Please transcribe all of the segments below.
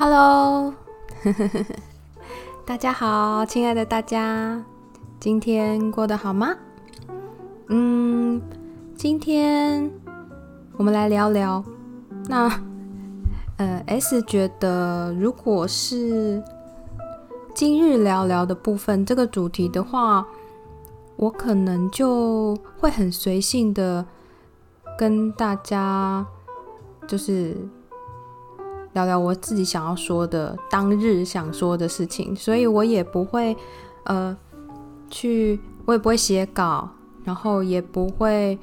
Hello， 大家好，親愛的大家，今天過得好嗎？嗯，今天我們來聊聊。那呃，S 覺得，如果是今日聊療的部分這個主題的話，我可能就會很隨性的跟大家就是。聊聊我自己想要說的，當日想說的事情，所以我也不會，呃，去，我也不會寫稿，然後也不會，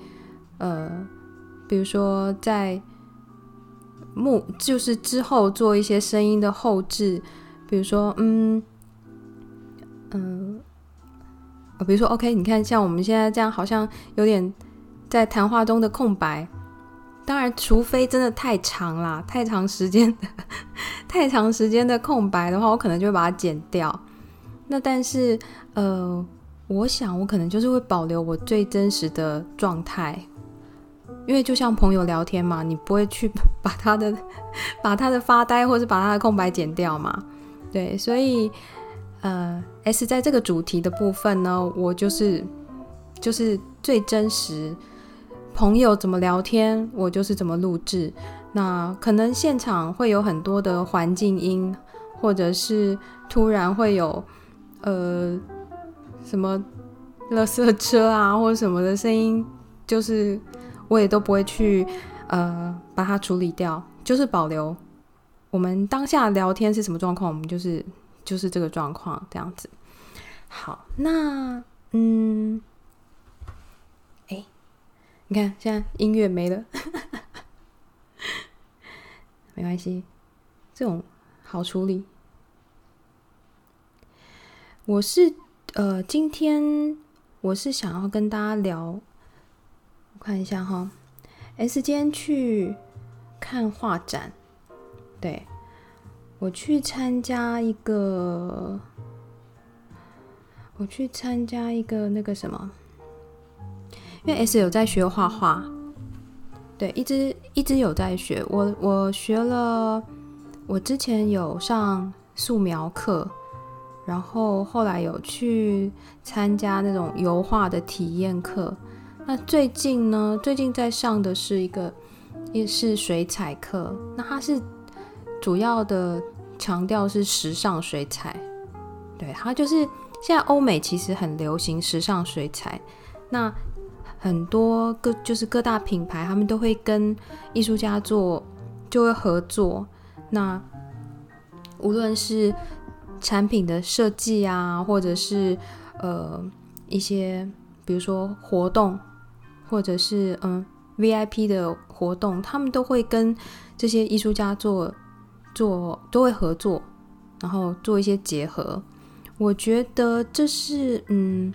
呃，比如說在目，就是之後做一些聲音的後製，比如說，嗯，嗯、呃，比如說，OK，你看，像我們現在這樣，好像有點在談話中的空白。當然，除非真的太長啦，太長時間的，太長時間的空白的話，我可能就會把它剪掉。那但是，呃，我想我可能就是會保留我最真實的狀態，因為就像朋友聊天嘛，你不會去把他的，把他的發呆或是把他的空白剪掉嘛，對。所以，呃，S 在這個主題的部分呢，我就是就是最真實。朋友怎麼聊天，我就是怎麼錄製。那可能現場會有很多的環境音，或者是突然會有呃什麼垃圾車啊或者什麼的聲音，就是我也都不會去呃把它處理掉，就是保留我們當下的聊天是什麼狀況，我們就是就是這個狀況這樣子。好，那嗯。你看，現在音樂沒了， 沒關係，這種好處理。我是呃，今天我是想要跟大家聊，我看一下哈。S 今天去看畫展，對，我去參加一個，我去參加一個那個什麼。因為 S 有在學畫畫，對，一直一直有在學。我我學了，我之前有上素描課，然後後來有去參加那種油畫的體驗課。那最近呢，最近在上的是一個也是水彩課。那它是主要的強調是時尚水彩，對，它就是現在歐美其實很流行時尚水彩。那很多各就是各大品牌，他們都會跟藝術家做，就會合作。那無論是產品的設計啊，或者是呃一些比如說活動，或者是嗯 VIP 的活動，他們都會跟這些藝術家做做，都會合作，然後做一些結合。我覺得這是嗯。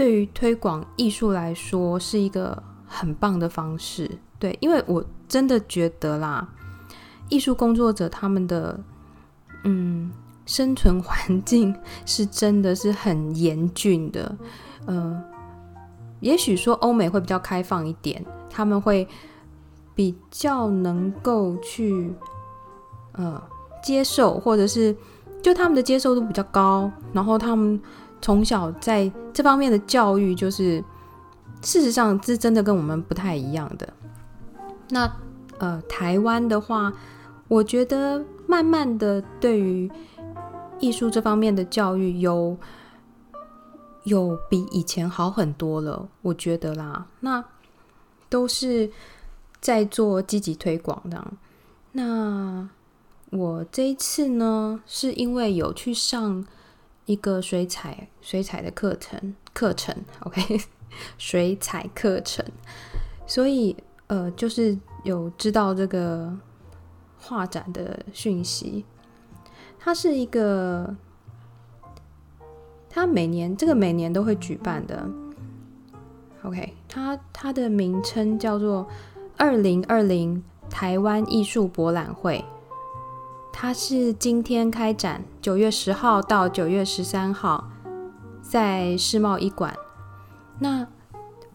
對於推廣藝術來說，是一個很棒的方式。對，因為我真的覺得啦，藝術工作者他們的嗯生存環境是真的是很嚴峻的。嗯、呃，也許說歐美會比較開放一點，他們會比較能夠去呃接受，或者是就他們的接受度比較高，然後他們。從小在這方面的教育，就是事實上是真的跟我們不太一樣的。那呃，台灣的話，我覺得慢慢的對於藝術這方面的教育有，有比以前好很多了，我覺得啦。那都是在做積極推廣的。那我這一次呢，是因為有去上。一個水彩水彩的課程課程，OK，水彩課程。所以呃，就是有知道這個畫展的訊息，它是一個，它每年這個每年都會舉辦的，OK，它它的名稱叫做2020台灣藝術博覽會。它是今天開展，九月十號到九月十三號，在世貿一館。那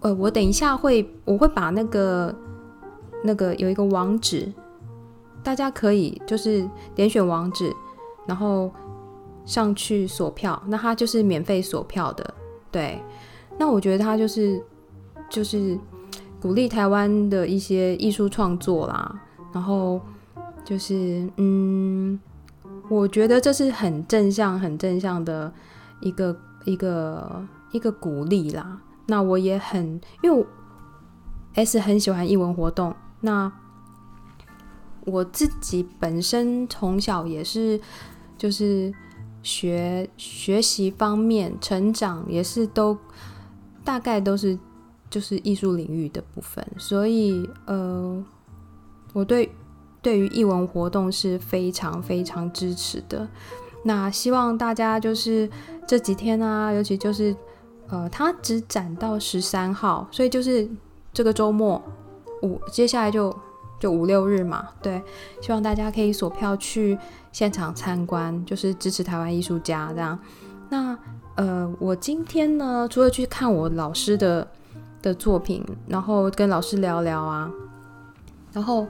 呃，我等一下會，我會把那個那個有一個網址，大家可以就是點選網址，然後上去索票。那它就是免費索票的，對。那我覺得它就是就是鼓勵台灣的一些藝術創作啦，然後。就是，嗯，我覺得這是很正向、很正向的一個、一個、一個鼓勵啦。那我也很，因為我 S 很喜歡藝文活動。那我自己本身從小也是，就是學學習方面成長也是都大概都是就是藝術領域的部分，所以呃，我對。對於藝文活動是非常非常支持的，那希望大家就是這幾天啊，尤其就是呃，他只展到十三號，所以就是這個週末五，接下來就就五六日嘛，對，希望大家可以索票去現場參觀，就是支持台灣藝術家這樣。那呃，我今天呢，除了去看我老師的的作品，然後跟老師聊聊啊，然後。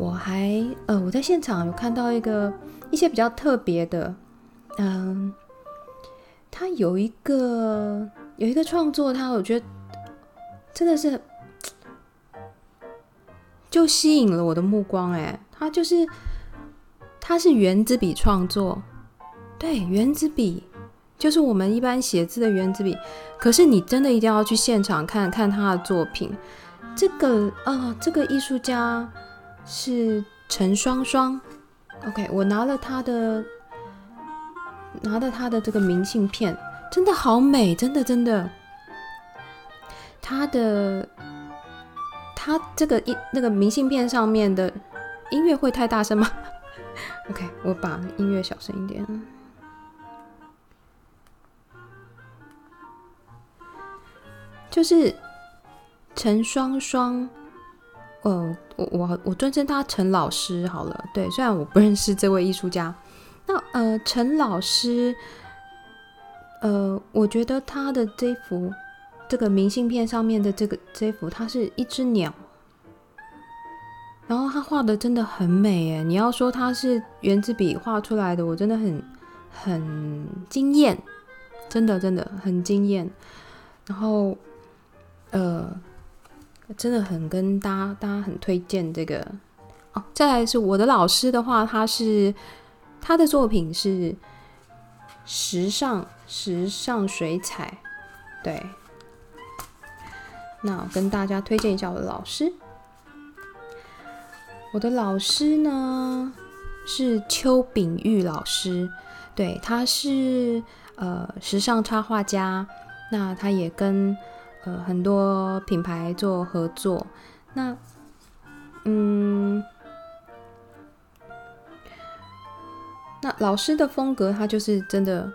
我還呃，我在現場有看到一個一些比較特別的，嗯，他有一個有一個創作，他我覺得真的是就吸引了我的目光、欸。哎，他就是他是原子筆創作，對，原子筆就是我們一般寫字的原子筆。可是你真的一定要去現場看看他的作品。這個啊、呃，這個藝術家。是陳雙雙，OK，我拿了他的，拿了他的這個明信片，真的好美，真的真的。他的，他這個音，那個明信片上面的音樂會太大聲嗎？OK，我把音樂小聲一點。就是陳雙雙。呃，我我我尊稱他陳老師好了。對，雖然我不認識這位藝術家，那呃，陳老師，呃，我覺得他的這幅這個明信片上面的這個這幅，它是一隻鳥，然後他畫的真的很美哎。你要說他是原子筆畫出來的，我真的很很驚艷，真的真的很驚艷。然後，呃。真的很跟大家，大家很推薦這個哦。再來是我的老師的話，他是他的作品是時尚時尚水彩，對。那我跟大家推薦一下我的老師。我的老師呢是邱炳玉老師，對，他是呃時尚插畫家，那他也跟。呃，很多品牌做合作。那，嗯，那老師的風格，他就是真的，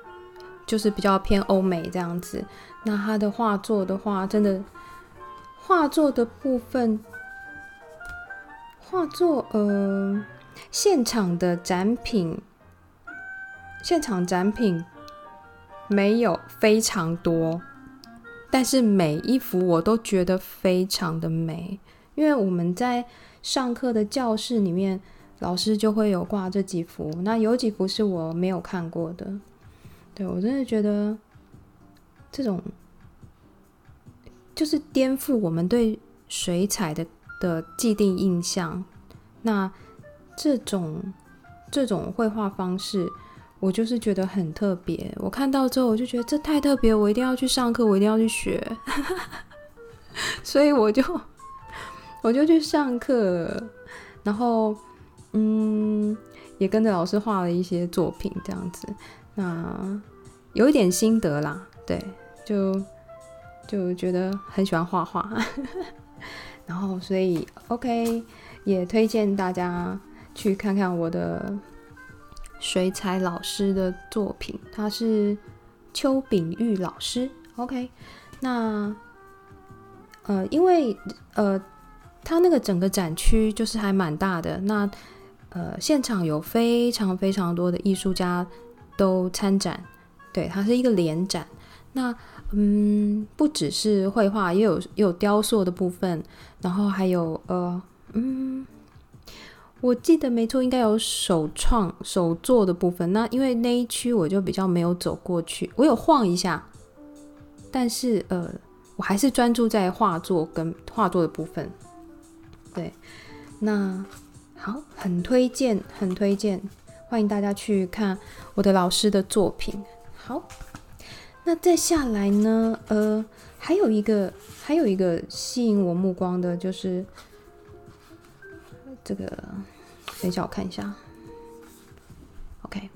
就是比較偏歐美這樣子。那他的畫作的話，真的畫作的部分，畫作，呃，現場的展品，現場展品沒有非常多。但是每一幅我都覺得非常的美，因為我們在上課的教室裡面，老師就會有掛這幾幅，那有幾幅是我沒有看過的。對，我真的覺得，這種就是顛覆我們對水彩的的既定印象。那這種這種繪畫方式。我就是覺得很特別，我看到之後我就覺得這太特別，我一定要去上課，我一定要去學， 所以我就我就去上課了，然後嗯，也跟着老師畫了一些作品，這樣子，那有一點心得啦，對，就就覺得很喜歡畫畫， 然後所以 OK 也推薦大家去看看我的。水彩老師的作品，他是邱炳玉老師。OK，那呃，因為呃，他那個整個展區就是還蠻大的。那呃，現場有非常非常多的藝術家都參展，對，它是一個聯展。那嗯，不只是繪畫，也有也有雕塑的部分，然後還有呃，嗯。我記得沒錯，應該有手創手作的部分。那因為那一區我就比較沒有走過去，我有晃一下，但是呃，我還是專注在畫作跟畫作的部分。對，那好，很推薦，很推薦，歡迎大家去看我的老師的作品。好，那再下來呢？呃，還有一個，還有一個吸引我目光的就是這個。等一下我看一下，OK，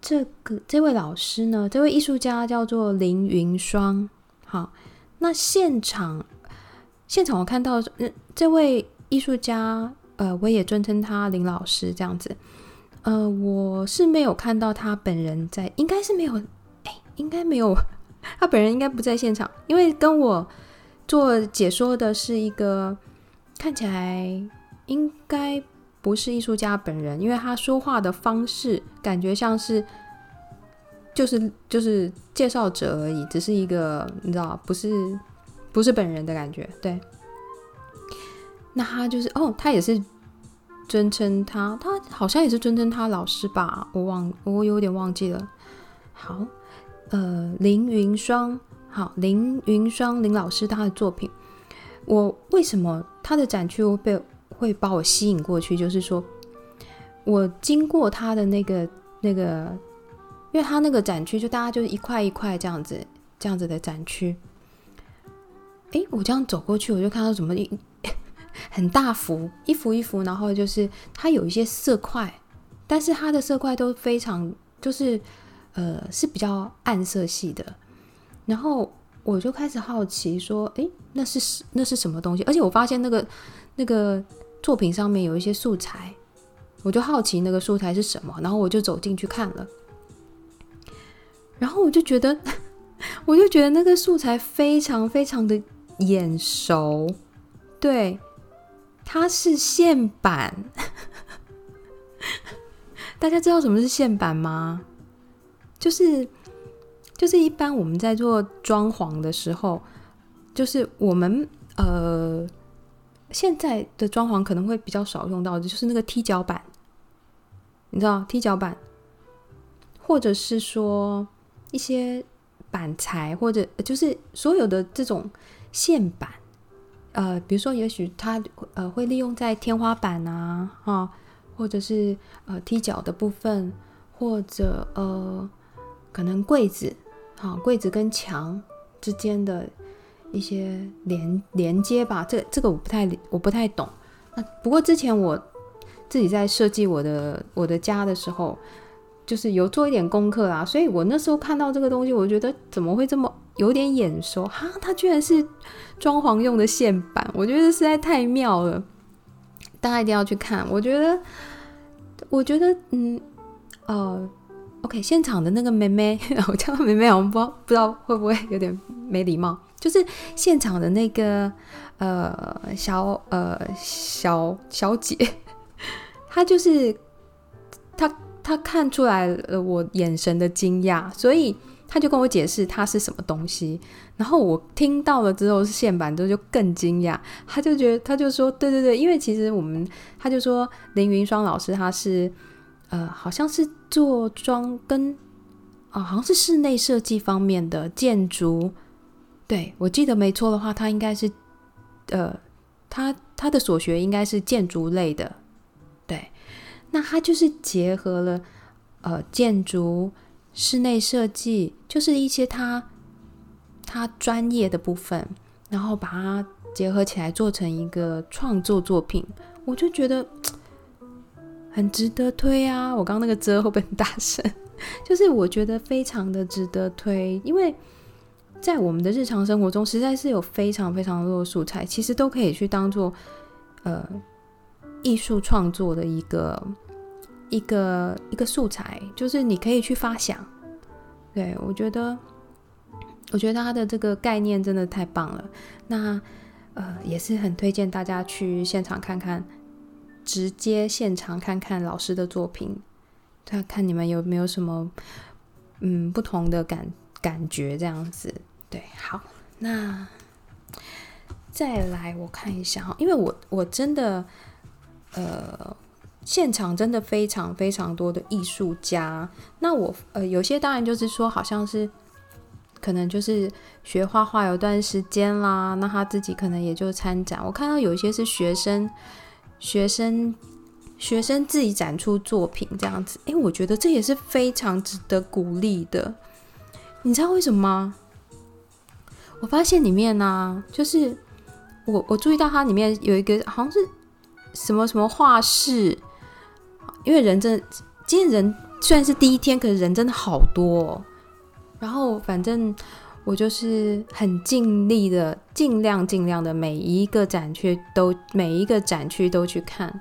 這個這位老師呢，這位藝術家叫做林雲雙。好，那現場現場我看到，嗯、呃，這位藝術家，呃，我也尊稱他林老師這樣子。呃，我是沒有看到他本人在，應該是沒有，哎，應該沒有，他本人應該不在現場，因為跟我做解說的是一個看起來應該。不是藝術家本人，因為他說話的方式感覺像是、就是，就是就是介紹者而已，只是一個你知道，不是不是本人的感覺。對，那他就是哦，他也是尊稱他，他好像也是尊稱他老師吧？我忘，我有點忘記了。好，呃，林雲雙，好，林雲雙，林老師他的作品，我為什麼他的展區會被？會把我吸引過去，就是說，我經過他的那個那個，因為他那個展區就大家就是一塊一塊這樣子這樣子的展區，哎，我這樣走過去，我就看到什麼一很大幅一幅一幅，然後就是它有一些色塊，但是它的色塊都非常就是呃是比較暗色系的，然後我就開始好奇說，哎，那是是那是什麼東西？而且我發現那個那個。作品上面有一些素材，我就好奇那個素材是什麼，然後我就走進去看了，然後我就覺得，我就覺得那個素材非常非常的眼熟，對，它是線板，大家知道什麼是線板嗎？就是，就是一般我們在做裝潢的時候，就是我們呃。現在的裝潢可能會比較少用到的就是那個踢腳板，你知道踢腳板，或者是說一些板材，或者就是所有的這種線板，呃，比如說也許它呃會利用在天花板啊，哈、哦，或者是呃踢腳的部分，或者呃可能櫃子，好、哦，櫃子跟牆之間的。一些連連接吧，這這個我不太我不太懂。不過之前我自己在設計我的我的家的時候，就是有做一點功課啦，所以我那時候看到這個東西，我覺得怎麼會這麼有點眼熟哈？它居然是裝潢用的線板，我覺得實在太妙了。大家一定要去看，我覺得我覺得嗯呃，OK，現場的那個妹妹， 我叫她妹妹，我們不知道不知道會不會有點沒禮貌。就是現場的那個呃小呃小小姐，她就是她她看出來了我眼神的驚訝，所以她就跟我解釋她是什麼東西。然後我聽到了之後，是線板之後就更驚訝。她就覺得她就說對對對，因為其實我們她就說凌雲雙老師她是呃好像是做裝跟啊、哦、好像是室內設計方面的建築。對我記得沒錯的話，他應該是，呃，他他的所學應該是建築類的，對，那他就是結合了呃建築、室內設計，就是一些他他專業的部分，然後把它結合起來做成一個創作作品，我就覺得很值得推啊！我剛剛那個遮會不會很大聲？就是我覺得非常的值得推，因為。在我們的日常生活中，實在是有非常非常多的素材，其實都可以去當做呃藝術創作的一個一個一個素材，就是你可以去發想。對，我覺得，我覺得他的這個概念真的太棒了。那呃，也是很推薦大家去現場看看，直接現場看看老師的作品，看看你們有沒有什麼嗯不同的感感覺，這樣子。對，好，那再來我看一下，因為我我真的，呃，現場真的非常非常多的藝術家，那我呃有些當然就是說好像是，可能就是學畫畫有段時間啦，那他自己可能也就參展。我看到有一些是學生，學生，學生自己展出作品這樣子，哎、欸，我覺得這也是非常值得鼓勵的，你知道為什麼嗎？我發現裡面呢，啊，就是我我注意到它裡面有一個好像是什麼什麼畫室，因為人真今天人雖然是第一天，可是人真的好多哦。然後反正我就是很盡力的，盡量盡量的每一個展區都每一個展區都去看。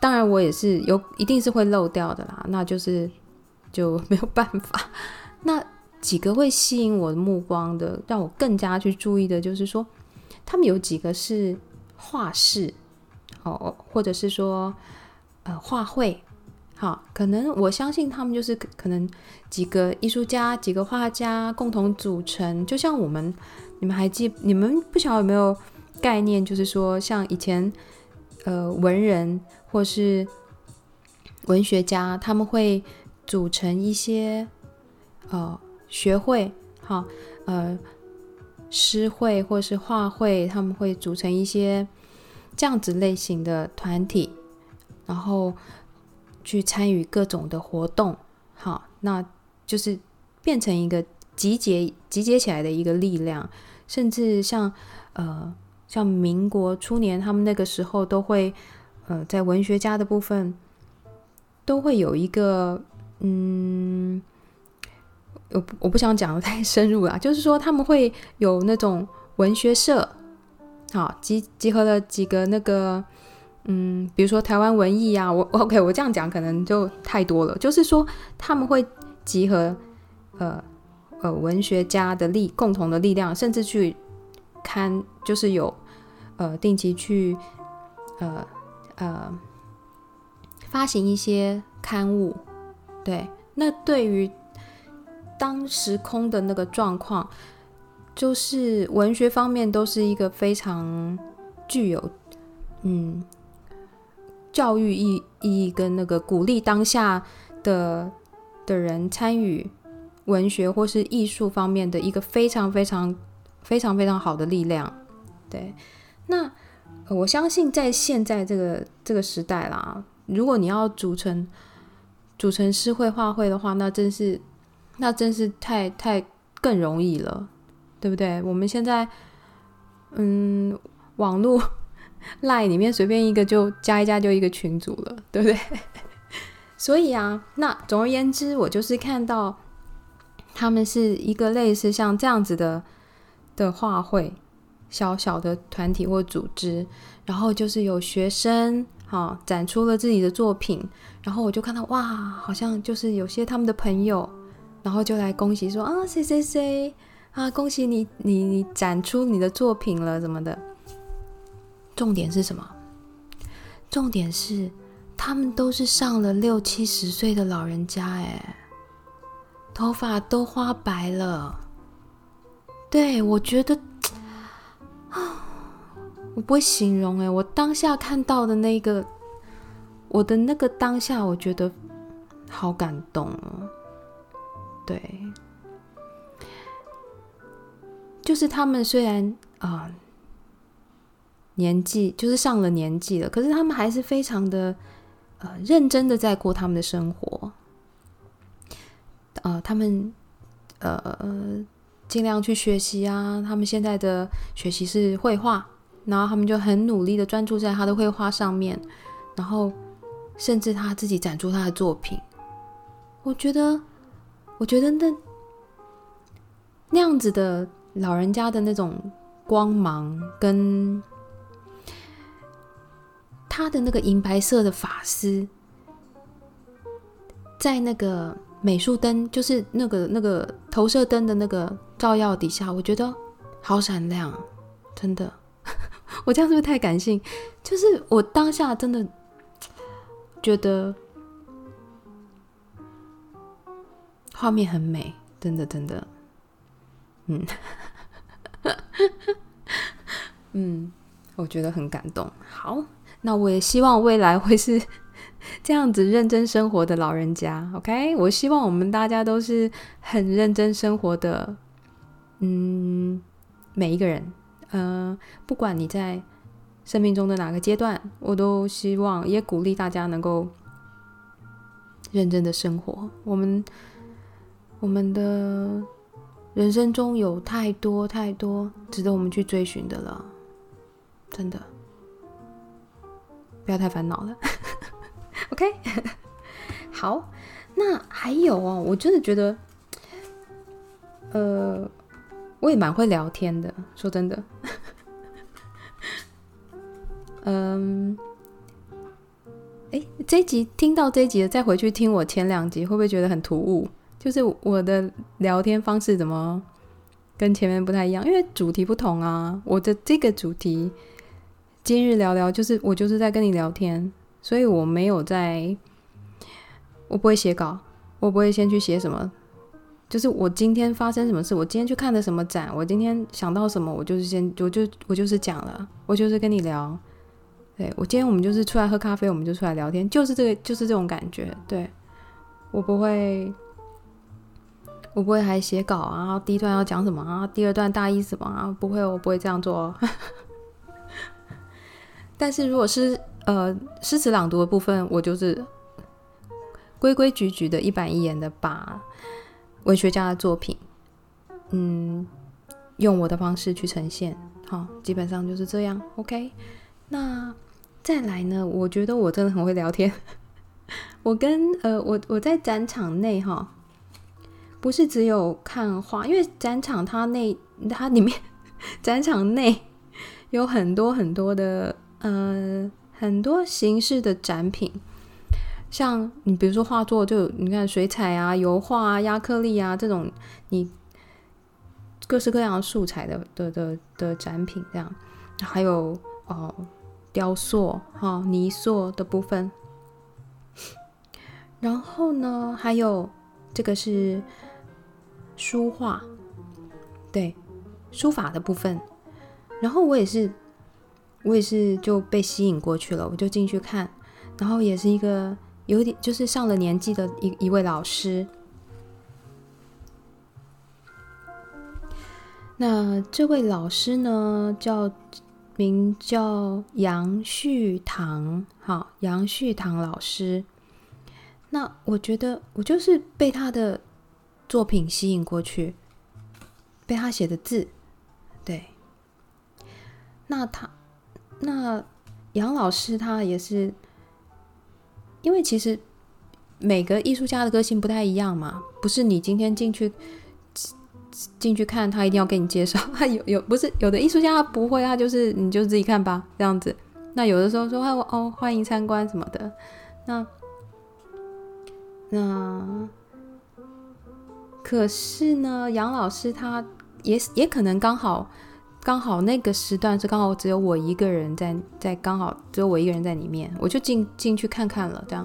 當然我也是有一定是會漏掉的啦，那就是就沒有辦法那。幾個會吸引我的目光的，讓我更加去注意的，就是說，他們有幾個是畫室，哦，或者是說，呃，畫會，好、哦，可能我相信他們就是可能幾個藝術家、幾個畫家共同組成。就像我們，你們還記，你們不曉得有沒有概念，就是說，像以前，呃，文人或是文學家，他們會組成一些，哦、呃。學會，哈，呃，詩會或是畫會，他們會組成一些這樣子類型的團體，然後去參與各種的活動，好，那就是變成一個集結、集結起來的一個力量。甚至像，呃，像民國初年，他們那個時候都會，呃，在文學家的部分都會有一個，嗯。我不我不想講的太深入了，就是說他們會有那種文學社，好，集集合了幾個那個，嗯，比如說台灣文藝啊，我 OK，我這樣講可能就太多了。就是說他們會集合呃呃文學家的力，共同的力量，甚至去刊，就是有呃定期去呃呃發行一些刊物，對，那對於。當時空的那個狀況，就是文學方面都是一個非常具有，嗯，教育意意義跟那個鼓勵當下的的人參與文學或是藝術方面的一個非常非常非常非常好的力量。對，那我相信在現在這個這個時代啦，如果你要組成組成詩會畫會的話，那真是。那真是太太更容易了，對不對？我們現在，嗯，網絡 LINE 裡面隨便一個就加一加就一個群組了，對不對？所以啊，那總而言之，我就是看到他們是一個類似像這樣子的的畫會小小的團體或組織，然後就是有學生啊、哦、展出了自己的作品，然後我就看到哇，好像就是有些他們的朋友。然後就來恭喜說，啊，誰誰誰啊，恭喜你，你你展出你的作品了什麼的。重點是什麼？重點是他們都是上了六七十歲的老人家哎，頭髮都花白了。對，我覺得啊，我不會形容哎，我當下看到的那個，我的那個當下，我覺得好感動哦。對，就是他們雖然啊、呃，年紀就是上了年紀了，可是他們還是非常的呃認真的在過他們的生活。呃，他們呃盡量去學習啊，他們現在的學習是繪畫，然後他們就很努力的專注在他的繪畫上面，然後甚至他自己展出他的作品，我覺得。我覺得那那樣子的老人家的那種光芒，跟他的那個銀白色的髮絲，在那個美術燈，就是那個那個投射燈的那個照耀底下，我覺得好閃亮，真的。 我這樣是不是太感性？就是我當下真的覺得。畫面很美，真的，真的，嗯， 嗯，我覺得很感動。好，那我也希望未來會是這樣子認真生活的老人家。OK，我希望我們大家都是很認真生活的，嗯，每一個人，嗯、呃，不管你在生命中的哪個階段，我都希望也鼓勵大家能夠認真的生活。我們。我們的人生中有太多太多值得我們去追尋的了，真的，不要太煩惱了。 OK， 好，那還有喔，我真的覺得，呃，我也蠻會聊天的，說真的， 嗯，欸，這一集聽到這一集了，再回去聽我前兩集，會不會覺得很突兀？就是我的聊天方式怎麼跟前面不太一樣？因為主題不同啊。我的這個主題，今日聊療，就是我就是在跟你聊天，所以我沒有在，我不會寫稿，我不會先去寫什麼。就是我今天發生什麼事，我今天去看的什麼展，我今天想到什麼，我就是先，我就我就是講了，我就是跟你聊。對，我今天我們就是出來喝咖啡，我們就出來聊天，就是這個，就是這種感覺。對，我不會。我不會還寫稿啊，第一段要講什麼啊？第二段大意什麼啊？不會，我不會這樣做。 但是如果是呃詩詞朗讀的部分，我就是規規矩矩的、一板一眼的把文學家的作品，嗯，用我的方式去呈現。好，基本上就是這樣。OK，那再來呢？我覺得我真的很會聊天。 我跟呃我我在展場內哈。不是只有看畫，因為展場它那它裡面，展場內有很多很多的嗯、呃、很多形式的展品，像你比如說畫作，就你看水彩啊、油畫啊、壓克力啊這種，你各式各樣的素材的的的的展品這樣，還有哦雕塑哈、哦、泥塑的部分，然後呢還有這個是。書畫，對，書法的部分。然後我也是，我也是就被吸引過去了，我就進去看。然後也是一個有點就是上了年紀的一一位老師。那這位老師呢，叫名叫楊旭堂，哈，楊旭堂老師。那我覺得我就是被他的。作品吸引過去，被他寫的字，對。那他，那楊老師他也是，因為其實每個藝術家的個性不太一樣嘛，不是你今天進去進去看他一定要給你介紹，他 有有不是有的藝術家他不會，他就是你就自己看吧，這樣子。那有的時候說哦，歡迎參觀什麼的，那那。可是呢，楊老師他也也可能剛好剛好那個時段是剛好只有我一個人在在剛好只有我一個人在裡面，我就進進去看看了，這樣。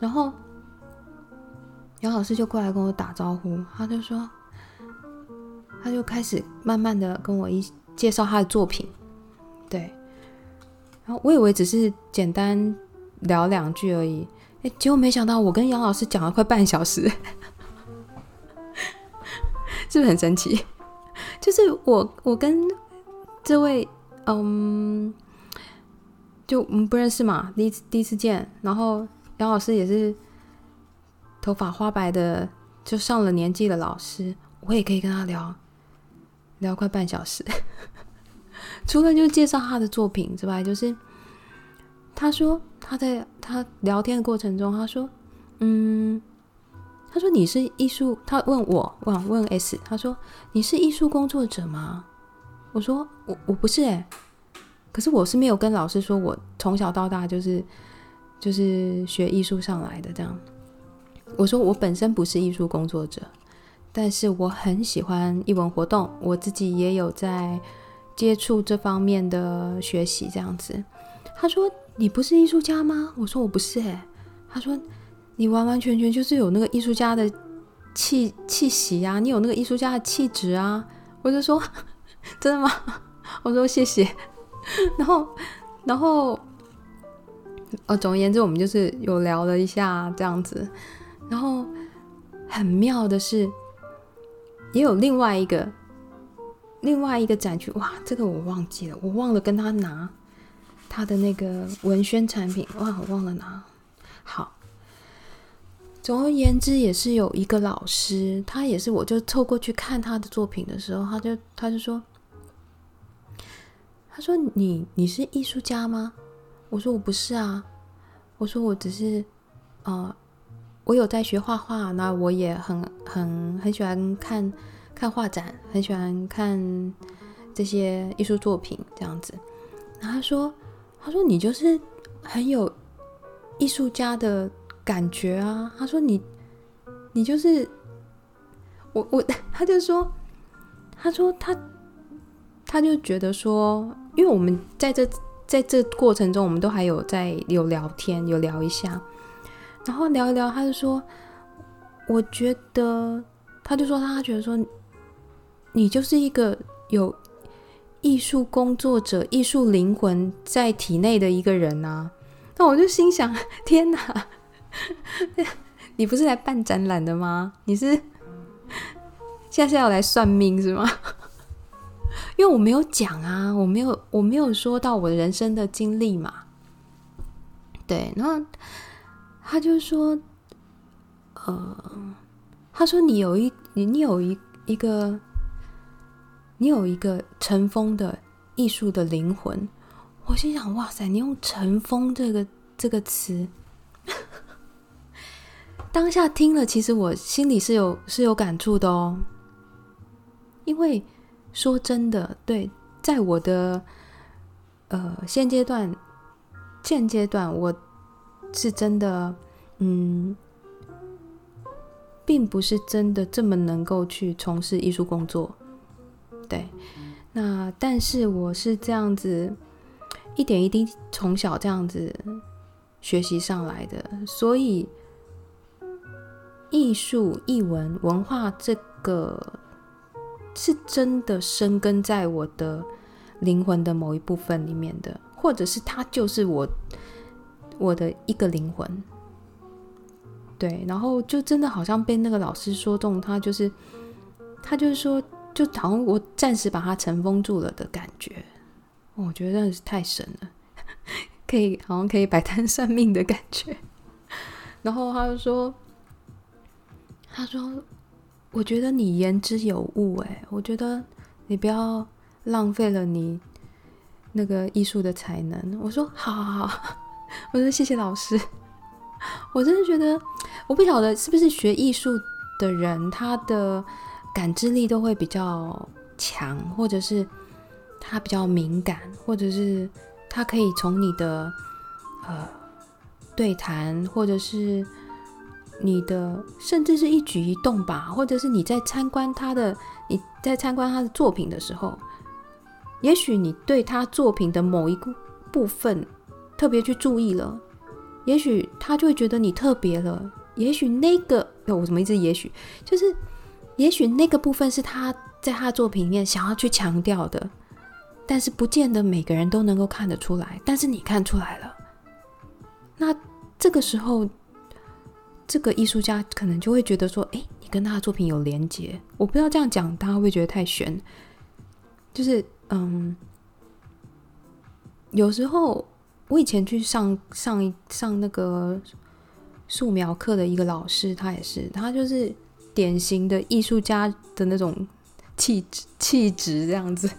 然後楊老師就過來跟我打招呼，他就說，他就開始慢慢的跟我一介紹他的作品，對。然後我以為只是簡單聊兩句而已，欸，結果沒想到我跟楊老師講了快半小時。是不是很神奇？就是我，我跟這位，嗯，就不認識嘛，第一第一次見，然後楊老師也是頭髮花白的，就上了年紀的老師，我也可以跟他聊聊快半小時， 除了就介紹他的作品之外，就是他說他在他聊天的過程中，他說，嗯。他說：“你是藝術？”他問我，我想問 S：“ 他說你是藝術工作者嗎？”我說：“我我不是誒。”可是我是沒有跟老師說我從小到大就是就是學藝術上來的。這樣，我說我本身不是藝術工作者，但是我很喜歡藝文活動，我自己也有在接觸這方面的學習。這樣子，他說：“你不是藝術家嗎？”我說：“我不是誒。”他說。你完完全全就是有那個藝術家的氣氣息啊，你有那個藝術家的氣質啊！我就說，真的嗎？我說謝謝。然後，然後，哦，總而言之，我們就是有聊了一下這樣子。然後很妙的是，也有另外一個另外一個展區，哇，這個我忘記了，我忘了跟他拿他的那個文宣產品，哇，我忘了拿，好。總而言之，也是有一個老師，他也是，我就湊過去看他的作品的時候，他就他就說，他說你你是藝術家嗎？我說我不是啊，我說我只是，啊、呃，我有在學畫畫，那我也很很很喜歡看看畫展，很喜歡看這些藝術作品這樣子。然後他說，他說你就是很有藝術家的。感覺啊，他說你，你就是我，我他就說，他說他，他就覺得說，因為我們在這在這過程中，我們都還有在有聊天，有聊一下，然後聊一聊，他就說，我覺得，他就說他，他覺得說你，你就是一個有藝術工作者、藝術靈魂在體內的一個人啊，那我就心想，天哪！ 你不是來辦展覽的嗎？你是現在要來算命是嗎？ 因為我沒有講啊，我沒有，我沒有說到我的人生的經歷嘛。對，然後他就說，呃，他說你有一，你你有一一個，你有一個塵封的藝術的靈魂。我心想，哇塞，你用塵封這個這個詞。當下聽了，其實我心裡是有是有感觸的哦。因為說真的，對，在我的呃現階段，現階段我是真的，嗯，並不是真的這麼能夠去從事藝術工作。對，那但是我是這樣子一點一滴從小這樣子學習上來的，所以。藝術、藝文、文化，這個是真的生根在我的靈魂的某一部分裡面的，或者是他就是我我的一個靈魂。對，然後就真的好像被那個老師說中，他就是他就是說，就好像我暫時把它塵封住了的感覺，哦。我覺得真的是太神了， 可以好像可以擺攤算命的感覺。 然後他就說。他說：“我覺得你言之有物，欸，哎，我覺得你不要浪費了你那個藝術的才能。”我說：“好，好，好。”我說：“謝謝老師。”我真的覺得，我不曉得是不是學藝術的人，他的感知力都會比較強，或者是他比較敏感，或者是他可以從你的呃對談，或者是。你的甚至是一舉一動吧，或者是你在參觀他的你在參觀他的作品的時候，也許你對他作品的某一個部分特別去注意了，也許他就會覺得你特別了，也許那個我什麼意思也？也許就是，也許那個部分是他在他作品裡面想要去強調的，但是不見得每個人都能夠看得出來，但是你看出來了，那這個時候。這個藝術家可能就會覺得說：“哎，你跟他的作品有連接。”我不知道這樣講，大家會不會覺得太玄，就是，嗯，有時候我以前去上上一上那個素描課的一個老師，他也是，他就是典型的藝術家的那種氣質氣質這樣子。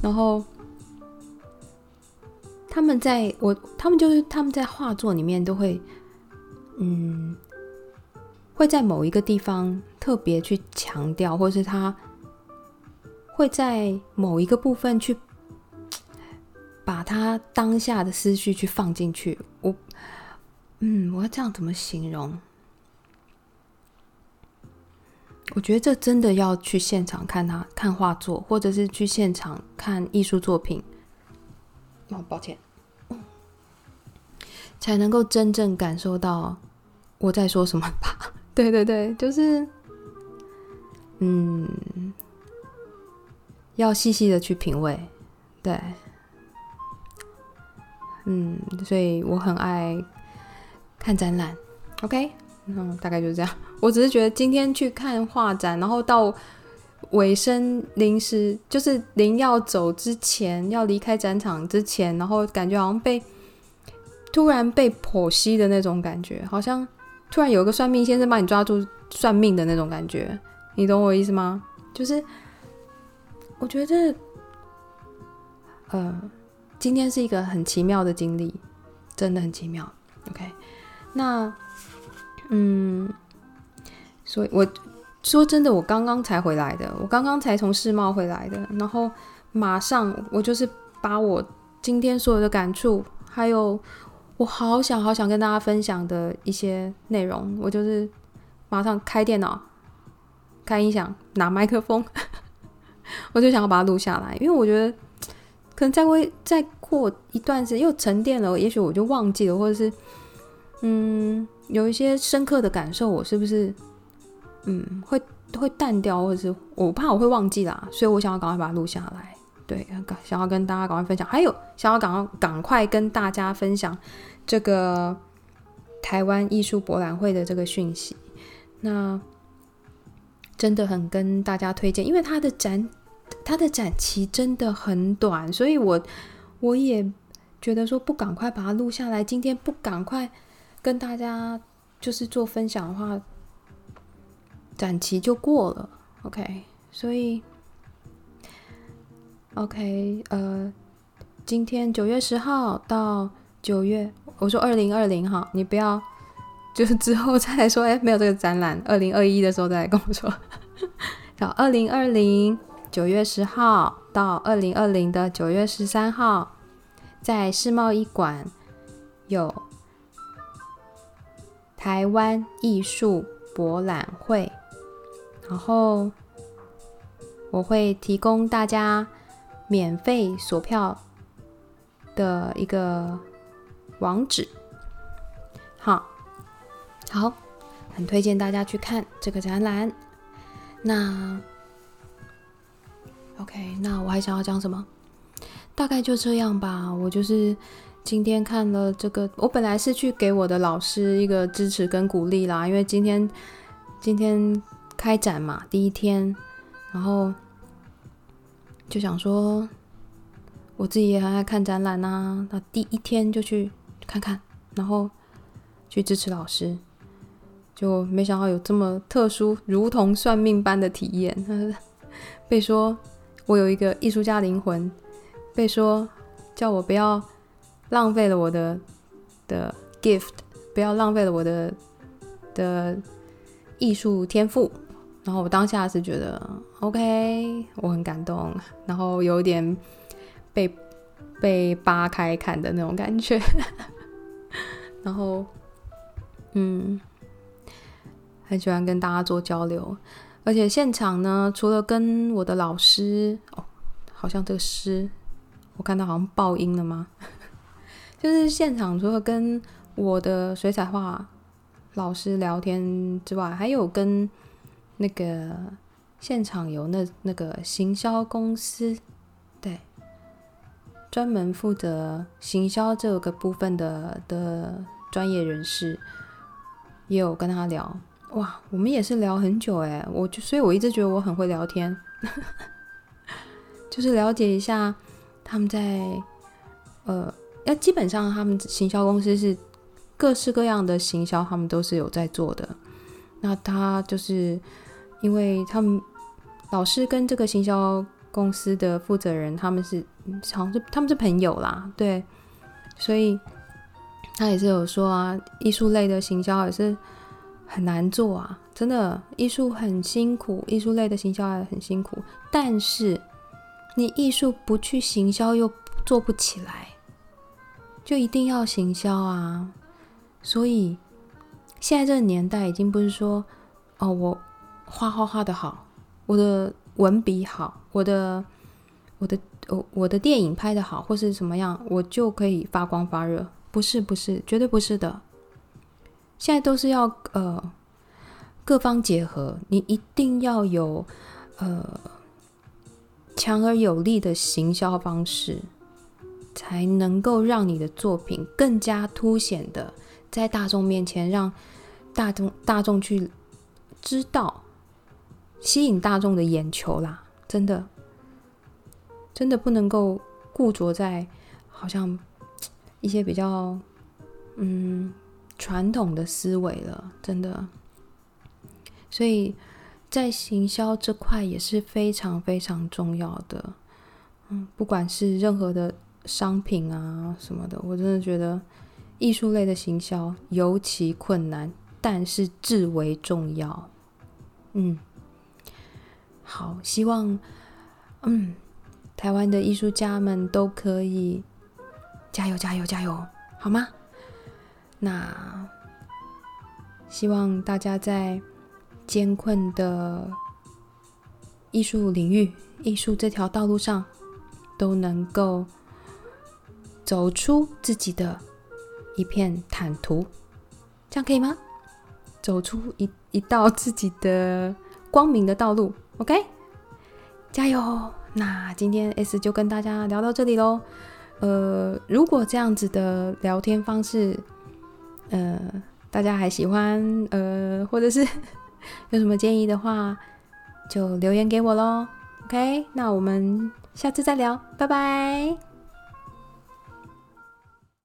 然後他們在我，他們就是他們在畫作裡面都會。嗯，會在某一個地方特別去強調，或是他會在某一個部分去把他當下的思緒去放進去。我，嗯，我要這樣怎麼形容？我覺得這真的要去現場看他，看畫作，或者是去現場看藝術作品。哦，抱歉，才能夠真正感受到。我在說什麼吧？對對對，就是，嗯，要細細的去品味，對，嗯，所以我很愛看展覽。OK，嗯，大概就是這樣。我只是覺得今天去看畫展，然後到尾聲臨時，就是臨要走之前，要離開展場之前，然後感覺好像被突然被剖析的那種感覺，好像。突然有一個算命先生把你抓住算命的那種感覺，你懂我意思嗎？就是，我覺得，呃，今天是一個很奇妙的經歷，真的很奇妙。OK，那，嗯，所以我說真的，我剛剛才回來的，我剛剛才從世貿回來的，然後馬上我就是把我今天所有的感觸還有。我好想好想跟大家分享的一些內容，我就是馬上開電腦、開音響、拿麥克風， 我就想要把它錄下來，因為我覺得可能再過再過一段時間又沉澱了，也許我就忘記了，或者是嗯，有一些深刻的感受，我是不是嗯會會淡掉，或者是我怕我會忘記啦，所以我想要趕快把它錄下來。對，想要跟大家趕快分享，還有想要趕快趕快跟大家分享這個台灣藝術博覽會的這個訊息，那真的很跟大家推薦，因為它的展他的展期真的很短，所以我我也覺得說不趕快把它錄下來，今天不趕快跟大家就是做分享的話，展期就過了，OK，所以。OK，呃，今天九月十號到九月，我說二零二零哈，你不要就是之後再來說，哎、欸，沒有這個展覽，二零二一的時候再來跟我說。然後二零二零九月十號到二零二零的九月十三號，在世貿一館有台灣藝術博覽會，然後我會提供大家。免費索票的一個網址，好好，很推薦大家去看這個展覽。那 OK，那我還想要講什麼？大概就這樣吧。我就是今天看了這個，我本來是去給我的老師一個支持跟鼓勵啦，因為今天今天開展嘛，第一天，然後。就想說，我自己也很愛看展覽吶、啊。那第一天就去看看，然後去支持老師，就沒想到有這麼特殊，如同算命般的體驗。 被說我有一個藝術家靈魂，被說叫我不要浪費了我的的 gift，不要浪費了我的的藝術天賦。然後我當下是覺得 OK，我很感動，然後有點被被扒開看的那種感覺， 然後嗯，很喜歡跟大家做交流，而且現場呢，除了跟我的老師哦，好像這個師我看到好像爆音了嗎？就是現場除了跟我的水彩畫老師聊天之外，還有跟。那個現場有那那個行銷公司，對，專門負責行銷這個部分的的專業人士，也有跟他聊。哇，我們也是聊很久哎，我就所以我一直覺得我很會聊天， 就是了解一下他們在呃，要基本上他們行銷公司是各式各樣的行銷，他們都是有在做的。那他就是。因為他們老師跟這個行銷公司的負責人，他們是好像是他們是朋友啦，對，所以他也是有說啊，藝術類的行銷也是很難做啊，真的，藝術很辛苦，藝術類的行銷也很辛苦，但是你藝術不去行銷又做不起來，就一定要行銷啊，所以現在這個年代已經不是說，哦，我。畫畫畫的好，我的文筆好，我的我的我我的電影拍的好，或是怎麼樣，我就可以發光發熱。不是不是，絕對不是的。現在都是要呃各方結合，你一定要有呃強而有力的行銷方式，才能夠讓你的作品更加凸顯的在大眾面前，讓大眾大眾去知道。吸引大眾的眼球啦，真的，真的不能夠固着在好像一些比較嗯傳統的思維了，真的。所以在行銷這塊也是非常非常重要的，嗯，不管是任何的商品啊什麼的，我真的覺得藝術類的行銷尤其困難，但是至為重要，嗯。好，希望，嗯，台灣的藝術家們都可以加油加油加油，好嗎？那希望大家在艱困的藝術領域、藝術這條道路上，都能夠走出自己的一片坦途，這樣可以嗎？走出一一道自己的光明的道路。OK，加油！那今天 S 就跟大家聊到這裡嘍。呃，如果這樣子的聊天方式，呃，大家還喜歡，呃，或者是有什麼建議的話，就留言給我嘍。OK，那我們下次再聊，拜拜。